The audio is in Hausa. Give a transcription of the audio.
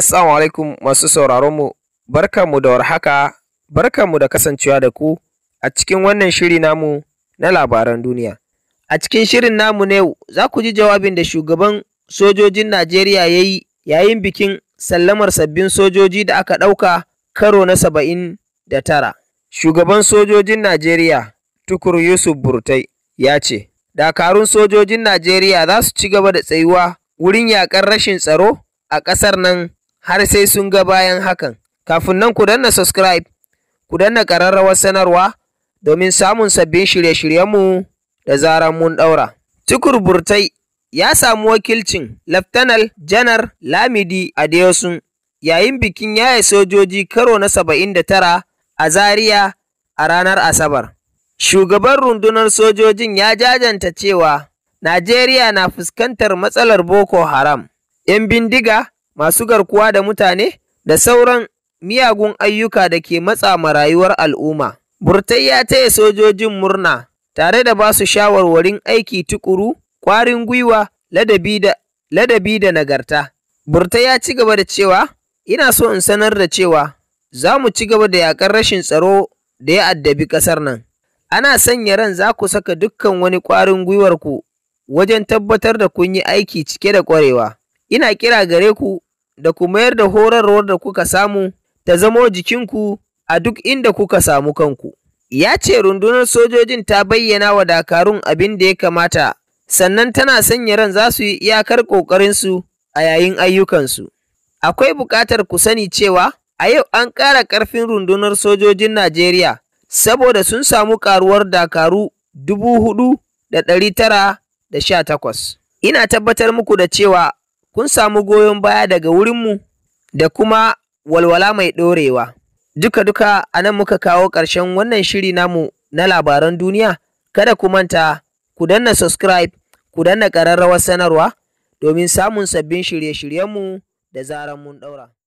Assalamu alaikum masu sauraronmu, barkanmu da warhaka, barkanmu da kasancewa da ku a cikin wannan shiri namu na labaran duniya. A cikin shirin namu ne za ku ji jawabin da shugaban sojojin Najeriya ya yi yayin bikin sallamar sabbin sojoji da aka ɗauka karo na saba'in da tara. Shugaban sojojin Najeriya Tukur Yusuf Burtai ya ce, Dakarun sojojin Najeriya za su ci gaba da tsayuwa wurin yaƙar rashin tsaro a ƙasar nan har sai sun ga bayan hakan. Kafin nan ku danna subscribe, ku danna ƙararrawar sanarwa domin samun sabbin shirye-shiryenmu da zarar mun ɗaura. Tukur Burtai ya samu wakilcin Laftanal Janar Lamidi Adeosun yayin bikin yaye sojoji karo na saba'in da tara a Zaria a ranar Asabar. Shugaban rundunar sojojin ya jajanta cewa Najeriya na fuskantar matsalar Boko Haram, ‘yan bindiga masu garkuwa da mutane, da sauran miyagun ayyuka da ke matsa ma rayuwar al'umma. Burtai ya taya sojojin murna, tare da ba su shawarwarin aiki tukuru, kwarin gwiwa, ladabi da nagarta. Burtai ya ci gaba da cewa, ina so in sanar da cewa za mu ci gaba da yaƙar rashin tsaro da ya addabi ƙasar nan. Ana sanya ran za ku saka dukkan wani ƙwarin gwiwarku wajen tabbatar da kun yi aiki cike da ƙwarewa. ina kira gare ku da ku mayar da horarwar da kuka samu ta zamo jikinku a duk inda kuka samu kanku. Ya ce rundunar sojojin ta bayyana wa dakarun abin da ya kamata, sannan tana sanya ran za su yi iyakar ƙoƙarinsu a yayin ayyukansu. Akwai buƙatar ku sani cewa a yau an ƙara ƙarfin rundunar sojojin Najeriya saboda sun samu ƙaruwar dakaru dubu hudu da ɗari tara da sha takwas. Ina tabbatar muku da cewa kun samu goyon baya daga wurinmu da kuma walwala mai ɗorewa. Duka-duka a nan muka kawo ƙarshen wannan shiri namu na labaran duniya, kada ku manta ku danna subscribe, ku danna ƙararrawar sanarwa domin samun sabbin shirye-shiryenmu da zaran mun ɗaura.